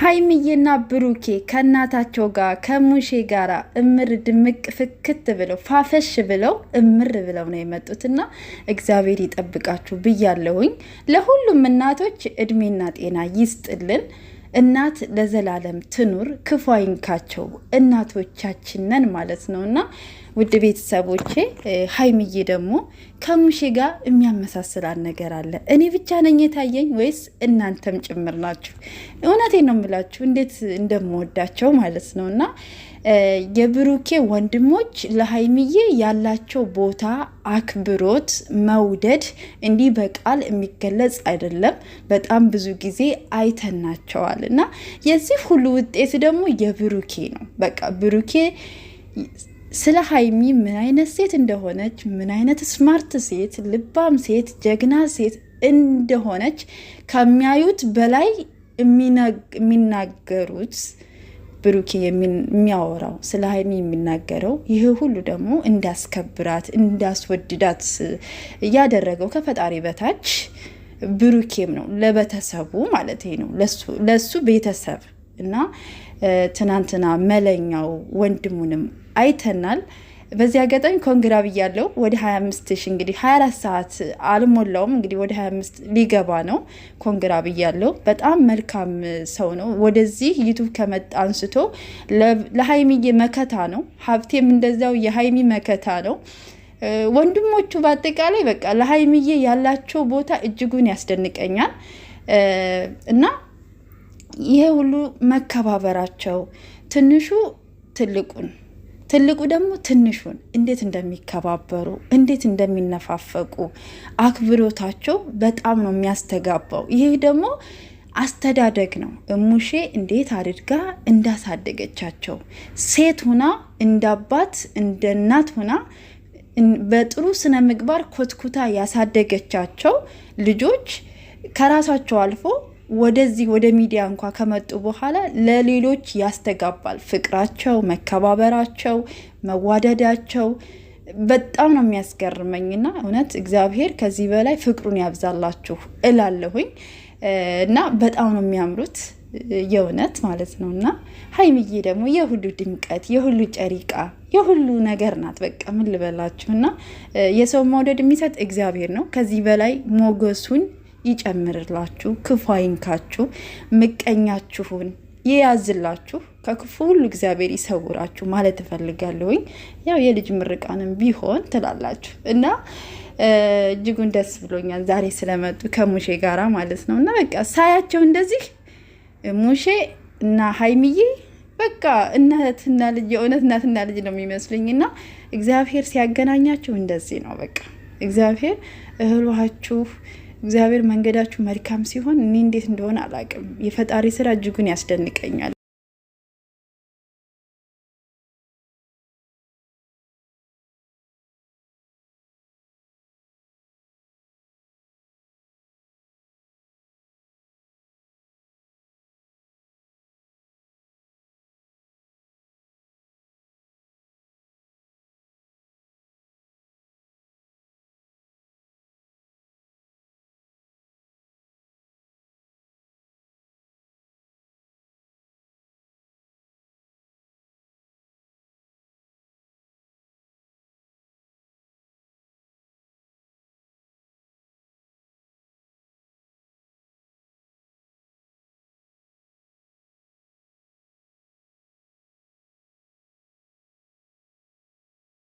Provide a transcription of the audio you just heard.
ሀይሚዬና ብሩኬ ከእናታቸው ጋር ከሙሼ ጋራ እምር ድምቅ ፍክት ብለው ፋፈሽ ብለው እምር ብለው ነው የመጡትና እግዚአብሔር ይጠብቃችሁ ብያለሁኝ። ለሁሉም እናቶች እድሜና ጤና ይስጥልን። እናት ለዘላለም ትኑር፣ ክፉ አይንካቸው። እናቶቻችን ነን ማለት ነው እና ውድ ቤተሰቦቼ ሀይምዬ ደግሞ ከሙሼ ጋር የሚያመሳስላል ነገር አለ። እኔ ብቻ ነኝ የታየኝ ወይስ እናንተም ጭምር ናችሁ? እውነቴ ነው የምላችሁ እንዴት እንደምወዳቸው ማለት ነው። እና የብሩኬ ወንድሞች ለሀይምዬ ያላቸው ቦታ፣ አክብሮት፣ መውደድ እንዲህ በቃል የሚገለጽ አይደለም። በጣም ብዙ ጊዜ አይተናቸዋል። እና የዚህ ሁሉ ውጤት ደግሞ የብሩኬ ነው። በቃ ብሩኬ ስለ ሀይሚ ምን አይነት ሴት እንደሆነች፣ ምን አይነት ስማርት ሴት፣ ልባም ሴት፣ ጀግና ሴት እንደሆነች ከሚያዩት በላይ የሚናገሩት ብሩኬ የሚያወራው ስለ ሀይሚ የሚናገረው ይህ ሁሉ ደግሞ እንዳስከብራት እንዳስወድዳት እያደረገው ከፈጣሪ በታች ብሩኬም ነው። ለቤተሰቡ ማለት ነው ለሱ ቤተሰብ እና ትናንትና መለኛው ወንድሙንም አይተናል። በዚህ አጋጣሚ ኮንግራ ብያለው። ወደ 25 ሺህ እንግዲህ 24 ሰዓት አልሞላውም፣ እንግዲህ ወደ 25 ሊገባ ነው። ኮንግራ ብያለው። በጣም መልካም ሰው ነው። ወደዚህ ዩቱብ ከመጣ አንስቶ ለሀይሚዬ መከታ ነው። ሀብቴም እንደዚያው የሀይሚ መከታ ነው። ወንድሞቹ በአጠቃላይ በቃ ለሀይሚዬ ያላቸው ቦታ እጅጉን ያስደንቀኛል እና ይሄ ሁሉ መከባበራቸው ትንሹ ትልቁን ትልቁ ደግሞ ትንሹን እንዴት እንደሚከባበሩ እንዴት እንደሚነፋፈቁ አክብሮታቸው በጣም ነው የሚያስተጋባው። ይህ ደግሞ አስተዳደግ ነው። እሙሼ እንዴት አድርጋ እንዳሳደገቻቸው ሴት ሁና እንደ አባት እንደ እናት ሁና በጥሩ ስነ ምግባር ኮትኩታ ያሳደገቻቸው ልጆች ከራሳቸው አልፎ ወደዚህ ወደ ሚዲያ እንኳ ከመጡ በኋላ ለሌሎች ያስተጋባል። ፍቅራቸው፣ መከባበራቸው፣ መዋደዳቸው በጣም ነው የሚያስገርመኝ ና እውነት እግዚአብሔር ከዚህ በላይ ፍቅሩን ያብዛላችሁ እላለሁኝ እና በጣም ነው የሚያምሩት የእውነት ማለት ነው እና ሀይምዬ ደግሞ የሁሉ ድምቀት የሁሉ ጨሪቃ የሁሉ ነገር ናት። በቃ ምን ልበላችሁ እና የሰው መውደድ የሚሰጥ እግዚአብሔር ነው። ከዚህ በላይ ሞገሱን ይጨምርላችሁ፣ ክፉ አይንካችሁ፣ ምቀኛችሁን ይያዝላችሁ፣ ከክፉ ሁሉ እግዚአብሔር ይሰውራችሁ ማለት እፈልጋለሁኝ። ያው የልጅ ምርቃንም ቢሆን ትላላችሁ እና እጅጉን ደስ ብሎኛል ዛሬ ስለመጡ ከሙሼ ጋራ ማለት ነው። እና በቃ ሳያቸው እንደዚህ ሙሼ እና ሀይሚዬ በቃ እናትና ልጅ የእውነት እናትና ልጅ ነው የሚመስሉኝ። እና እግዚአብሔር ሲያገናኛችሁ እንደዚህ ነው። በቃ እግዚአብሔር እህሏችሁ እግዚአብሔር መንገዳችሁ መልካም ሲሆን እኔ እንዴት እንደሆነ አላቅም የፈጣሪ ስራ እጅጉን ያስደንቀኛል።